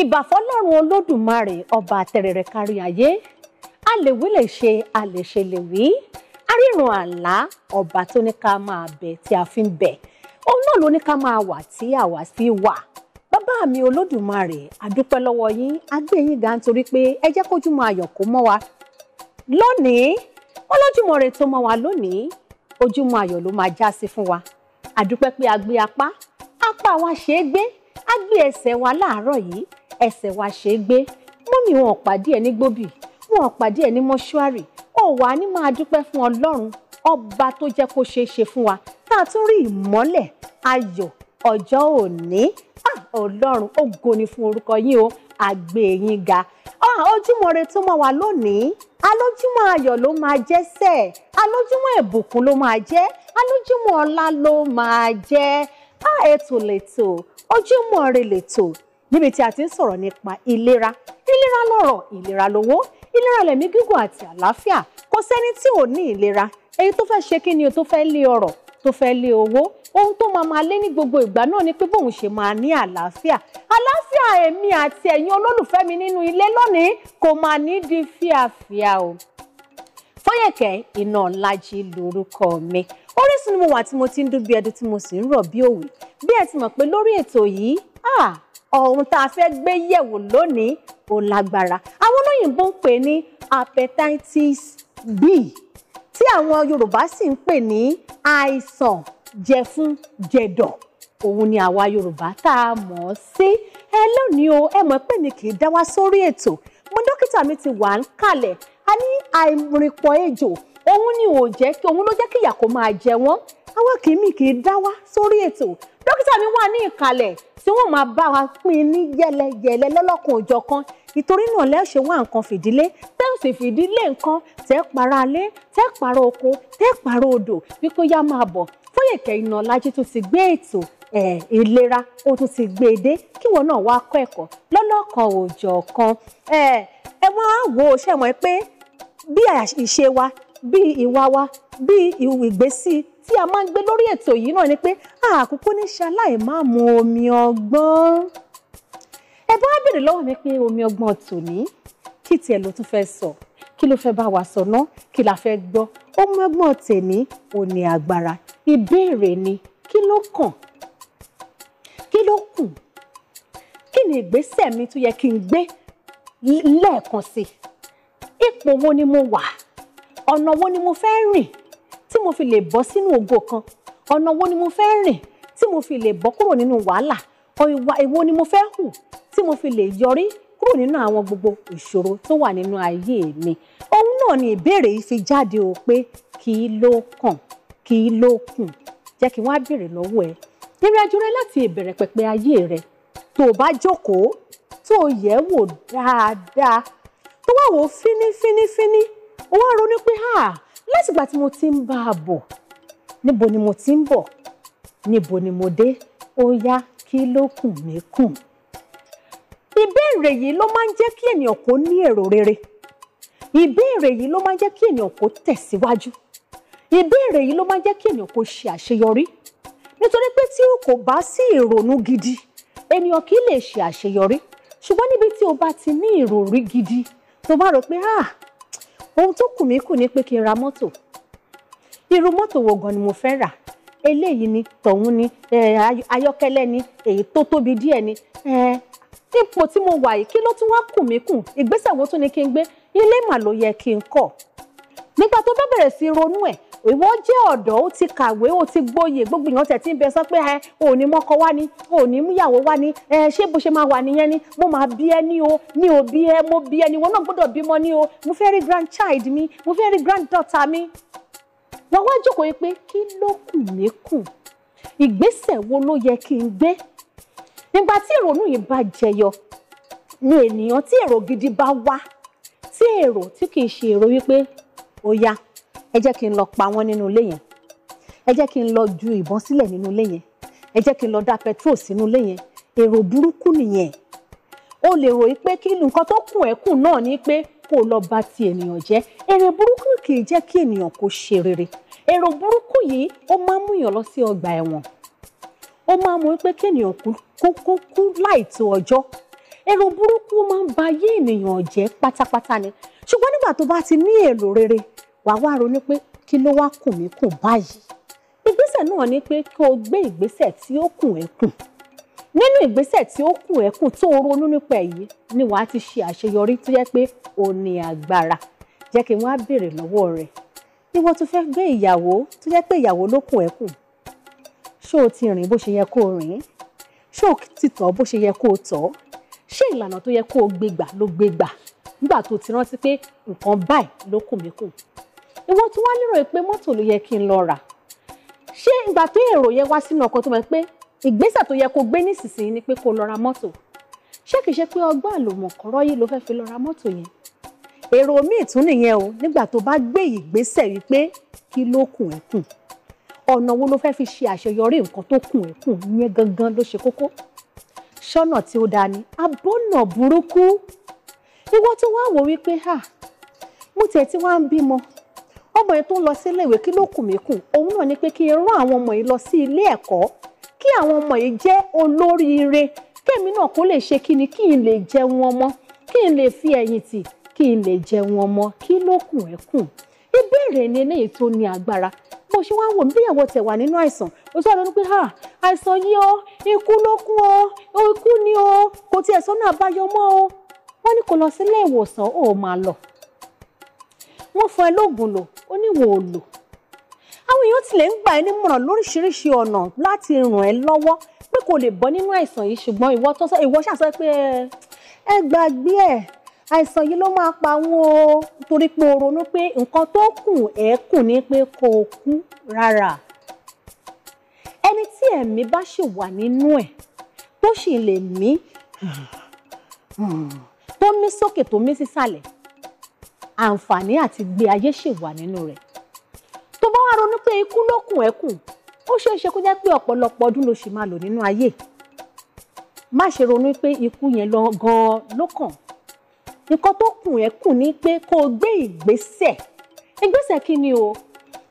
ìbà fọ́lọ́run olódùmarè ọba àtẹrẹrẹ kárí ayé a lè wí lè ṣe a lè ṣe lè wí arírun àlá ọba tó ní ká máa bẹ tí a fi ń bẹ òun náà ló ní ká máa wà tí àwa fi wà bàbá mi olódùmarè àdúpẹ́ lọ́wọ́ yín a gbé yín ga nítorí pé ẹ jẹ́ kójú máa yọ̀ kó mọ́ wa lónìí wọn lójúmọ́ rẹ̀ tó mọ́ wa lónìí ojúmọ́ ayọ̀ ló máa já sí fún wa àdúpẹ́ pé a gbé apá apá wa ṣe é gbé a gbé ẹsẹ̀ wa láàárọ̀ yìí ẹsẹ̀ wa ṣe é gbé mọ́mì wọn ò pàdé ẹ̀ ní gbòbì wọn ò pàdé ẹ̀ ní mọ́ṣúárì ó wàá máa dúpẹ́ fún ọlọ́run ọba tó jẹ́ kó ṣeé ṣe fún wa tá a tún rí ìmọ́lẹ̀ ayọ̀ ọjọ́ òní ah, ọlọ́run ògo ni fún orúkọ yín o àgbè e yín ga ah, ojúmọ́ re tó mọ́ wa lónìí alójúmọ́ ayọ̀ ló máa jẹ́ sẹ́ alójúmọ́ ìbùkún ló máa jẹ́ alójúmọ́ ọlá ló máa jẹ́ ah, ètò lètò ojúmọ́ re lètò níbi tí a ti ń sọ̀rọ̀ nípa ìlera ìlera lọ́rọ̀ ìlera lówó ìlera lẹ̀mí gígùn àti àlàáfíà kò sẹ́ni tí ò ní ìlera èyí tó fẹ́ ṣe kí ni o tó fẹ́ lé ọrọ̀ tó fẹ́ lé owó ohun tó máa máa lé ní gbogbo ìgbà náà ni pé bóun ṣe máa ní àlàáfíà àlàáfíà èmi àti ẹ̀yin olólùfẹ́ mi nínú ilé lónìí kò máa ní di fíàfíà o Fọ́yẹ̀kẹ́ Ináọlájí lórúkọ mi Orísun ni mo wà tí mo ti ń dún bí ẹdun tí mo sì ń rọ̀ bí òwe bí ẹ ti mọ̀ pé lórí ètò yìí ohun tá a fẹ́ gbé yẹ̀wò lónìí ò lágbára àwọn olóyìnbó ń pè ní hepatitis B tí àwọn Yorùbá sì ń pè ní àìsàn jẹfun-jẹ̀dọ̀ òun ni àwa Yorùbá tá a mọ̀ ọ́ sí ẹ lónìí o ẹ mọ̀ pé mi kì í dá wá sórí ètò mo dókítà mi ti wà ń kalẹ̀ a ní àìrìnpọ̀ ejò òun ni ò jẹ́ kí òun ló jẹ́ kí ìyà kó máa jẹ wọ́n àwọn kìíní kì í dá wá sórí ètò dókítà mi wà ní ìkàlẹ̀ tí wọ́n máa bá wa pín ní yẹlẹyẹlẹ lọ́lọ́kan òjọ̀kan ìtorí náà lẹ́ẹ̀ṣẹ̀ wá nǹkan fìdílé tẹ́ ò sì fìdílé nǹkan tẹ́ para alé tẹ́ para oko tẹ́ para odò wípé yá máa bọ̀ Fóyèkẹ́ Inaọlájí tó ti gbé ètò ìlera ó tún ti gbé e dé kí wọn náà wá kọ́ ẹ̀kọ́ lọ́lọ́kan òjọ̀kan ẹ wọ́n á wò ó pé bí ìṣe wa bíi ìwà wa bíi ìgbésí tí a máa ń gbé lórí ètò yìí náà ni pé àkókò ní ṣe aláìmáàmù omi ọgbọ́n ẹ bá bèrè lọ́wọ́ mi pé omi ọgbọ́n tòní kí tiẹ̀ ló tún fẹ́ sọ kí ló fẹ́ bá wa sọ náà kí la fẹ́ gbọ́ omi ọgbọ́n tèmi ò ní agbára ìbéèrè ni kí ló kàn kí ló kù kí ni ìgbésẹ̀ mi tó yẹ kí n gbé lẹ́ẹ̀kan sí ipò wo ni mo wà ọ̀nà wo ni mo fẹ́ rìn tí mo fi lè bọ́ sínú ògo kan ọ̀nà wo ni mo fẹ́ rìn tí mo fi lè bọ́ kúrò nínú wàhálà ìwà èwo ni mo fẹ́ hù tí mo fi lè yọrí kúrò nínú àwọn gbogbo ìṣòro tó wà nínú ayé mi òun náà ni ìbéèrè yìí fi jáde o pé kí ló kàn kí ló kùn jẹ́ kí wọ́n á béèrè lọ́wọ́ ẹ ìrìn àjò rẹ láti ìbẹ̀rẹ̀ pẹ̀pẹ̀ ayé rẹ tó o bá jókòó tó o yẹ̀ wò dáadáa tó wà wò fínífínífíní ó wá ronú pé ha látìgbà tí mo ti ń bá a bọ̀ níbo ni mo ti ń bọ̀ níbo ni mo dé ó yá kí ló kù mí kù. ìbéèrè yìí ló máa ń jẹ́ kí ènìyàn kó ní èrò rere ìbéèrè yìí ló máa ń jẹ́ kí ènìyàn kó tẹ̀síwájú ìbéèrè yìí ló máa ń jẹ́ kí ènìyàn kó ṣe àṣeyọrí nítorí pé tí kò bá sí ìrònú gidi ènìyàn kì í lè ṣe àṣeyọrí ṣùgbọ́n níbi tí o bá ti ní ìròrí gidi tó bá rò pé ah ohun tó kù mí kù ni pé kí n ra mọ́tò irú mọ́tò wo gan ni mo fẹ́ rà eléyìí ni tọ̀hún ni ayọ́kẹ́lẹ́ ni èyí tó tóbi díẹ̀ ni ipò tí mo wà yìí kí ló tún wá kù mí kù ìgbésẹ̀ wo tún ni kí n gbé ilé mà ló yẹ kí n kọ́ nígbà tó bẹ̀rẹ̀ sí ronú ẹ̀ ìwọ jẹ́ ọ̀dọ́ ó ti kàwé ó ti gbóyè gbogbo èèyàn tẹ̀ tí ń bẹ sọ pé ẹ ò ní mọ́kọ wá ní ò ní múyàwó wá ní ẹ ṣé bó ṣe máa wà nìyẹn ni mo máa bí ẹ ní o mi ò bí ẹ mo bí ẹ ní wọn náà gbọ́dọ̀ bímọ ní o mo fẹ́ rí grandchild mi mo fẹ́ rí granddaughter mi wọ́n wá jókòó yìí pé kí ló kù lékù ìgbésẹ̀ wo ló yẹ kí n gbé nígbà tí ìrònú yìí bá jẹyọ ni ènìyàn tí èrò gidi bá wá tí èrò tí kì í ṣe èrò wípé ó yá ẹ jẹ́ kí n lọ pa wọ́n nínú ilé yẹn ẹ jẹ́ kí n lọ ju ìbọn sílẹ̀ nínú ilé yẹn ẹ jẹ́ kí n lọ da petrol sínú ilé yẹn èrò burúkú nìyẹn o lè ròyìn pé kí nǹkan tó kù ẹ́ kù náà ni pé kó o lọ bà ti ènìyàn jẹ́ èrè burúkú kì í jẹ́ kí ènìyàn kó ṣe rere èrò burúkú yìí ó máa ń mú èèyàn lọ sí ọgbà ẹ̀wọ̀n ó máa ń mú pé kí ènìyàn kú kú kú láì tó ọjọ́ èrò burúkú máa ń ba ayé ènìyàn jẹ́ pátápátá ni ṣùgbọ́n nígbà tó bá ti ní èrò rere wà wá ronú pé kí ló wá kù mí kù báyìí ìgbésẹ̀ náà ni pé kí o gbé ìgbésẹ̀ tí ó kù ẹ́ kù nínú ìgbésẹ̀ tí ó kù ẹ́ kù tó o ronú nípa èyí ni wàá ti ṣe àṣeyọrí tó jẹ́ pé o ní agbára jẹ́ kí wọ́n á béèrè lọ́wọ́ rẹ ìwọ tó fẹ́ gbé ìyàwó tó jẹ́ pé ìyàwó ló kù ẹ́ kù ṣé o ti rìn bó ṣe yẹ kó o rìn ṣé o ti tọ̀ bó ṣe yẹ kó o tọ̀ ṣé ìlànà tó yẹ kó o gbé ló gbé nígbà tó ti rántí pé nǹkan báyìí ló kù mí kù ìwọ tí wọ́n nírò pé mọ́tò ló yẹ kí n lọ rà ṣé ìgbà tó èrò yẹn wá sínú ọkọ tó mọ̀ pé ìgbésẹ̀ tó yẹ kó gbé nísinsìnyí ni pé kó lọ ra mọ́tò ṣé kìí ṣe pé ọgbọ́n àlòmọ̀kọ́rọ́ yìí ló fẹ́ fi lọ ra mọ́tò yẹn èrò míì tún nìyẹn o nígbà tó bá gbé ìgbésẹ̀ wípé kí ló kùn ẹ́ kùn ọ̀nà wo ló fẹ́ fi ṣe àṣeyọrí nǹkan tó kùn ẹ́ kùn yẹn gangan ló ṣe kókó ṣọ́nà tí ó dáa ni abọ́nà burúkú ìwọ tó wá wò wípé ha mo tẹ̀ tí wá ń bímọ ọmọ yẹn tó ń lọ sí iléèwé kí ló kù mí kù òun náà ni pé kí n rán àwọn ọmọ yìí lọ sí ilé ẹ̀kọ́ kí àwọn ọmọ yìí jẹ́ olóríire kémi náà kó lè ṣe kí ni kí n lè jẹun ọmọ kí n lè fi ẹ̀yìn tì kí n lè jẹun ọmọ kí ló kù ẹ́ kù ìbéèrè ni eléyìí tó ní agbára bó ṣe wá wò bí ìyàwó tẹ̀ wà nínú àìsàn ó sọ lọ́dún pé ha àìsàn yìí o ikú ló kú o ikú ni o kò tiẹ̀ sọ́nà àbáyọ mọ́ o wọ́n ní kó lọ sílé ìwòsàn ó máa lọ wọ́n fún ẹ lóògùn lò ó ní wò ó lò àwọn èèyàn tilẹ̀ ń gbà ẹ́ nímọ̀ràn lóríṣiríṣi ọ̀nà láti ràn ẹ́ lọ́wọ́ pé kò lè bọ́ nínú àìsàn yìí ṣùgbọ́n ìwọ tó sọ ìwọ ṣàṣọ pé ẹ gbàgbé ẹ àìsàn yìí ló máa pa wọn o torí pé o ronú pé nǹkan tó kù ẹ kù ní pé kò kú rárá ẹni tí ẹ̀mí bá ṣì wà nínú ẹ̀ tó sì lè mí hmm, hmm, tó mí sókè tó mí sísàlẹ̀ àǹfààní àti gbé ayé ṣì wà nínú rẹ̀ tó bá wá ronú pé ikú ló kùn ẹ́ kù ó ṣeé ṣe kó jẹ́ pé ọ̀pọ̀lọpọ̀ ọdún ló ṣì máa lò nínú ayé má ṣe ronú pé ikú yẹn lọ gan-an ló kàn nǹkan tó kùn ẹ́ kù ni pé kó o gbé ìgbésẹ̀ ìgbésẹ̀ kí ni o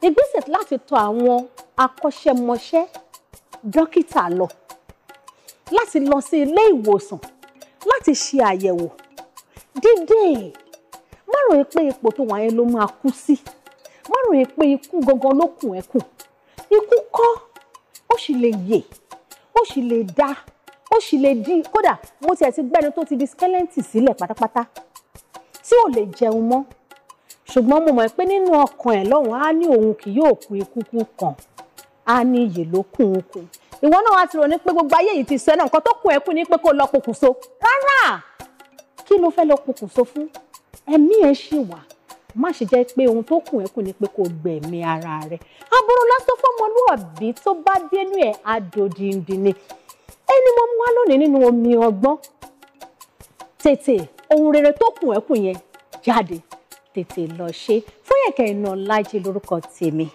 ìgbésẹ̀ láti tọ àwọn akọ́ṣẹ́mọṣẹ́ dókítà lọ láti lọ sí ilé ìwòsàn láti ṣe àyẹ̀wò dídè rò pé ipò tó wà yẹn ló máa kú sí má rò pé ikú gangan ló kùn ẹ́ kù ikú kọ́ ó sì lè yè ó sì lè dá ó sì lè di kódà mo tiẹ̀ ti gbẹ́ni tó ti di skẹ́lẹ́ǹtì sílẹ̀ pátápátá tí ò lè jẹun mọ́ ṣùgbọ́n mo mọ̀ pé nínú ọkàn ẹ̀ lọ́hùn á ní òun kì yóò kú ikú kú kàn á ní iyè ló kún un kù ìwọ náà wá ti rò ní pé gbogbo ayé yìí ti sọ ẹ́ náà nǹkan tó kún ẹ kú ni pé kó lọ pokùnso rárá kí ló fẹ́ lọ pokùnso fún ẹ̀mí ẹ̀ ṣì wà má ṣe jẹ́ pé ohun tó kùn ẹ́ kù ni pé kò gbẹ̀mí ara rẹ̀ aburú lásán fọmọlúwàbí tó bá dénú ẹ̀ adòdìndì ni ẹni mo mú wá lónìí nínú omi ọgbọ́n tètè ohun rere tó kùn ẹ́ kù yẹn jáde tètè lọ ṣe Fóyèkẹ́ Inaọlájí lórúkọ tèmi.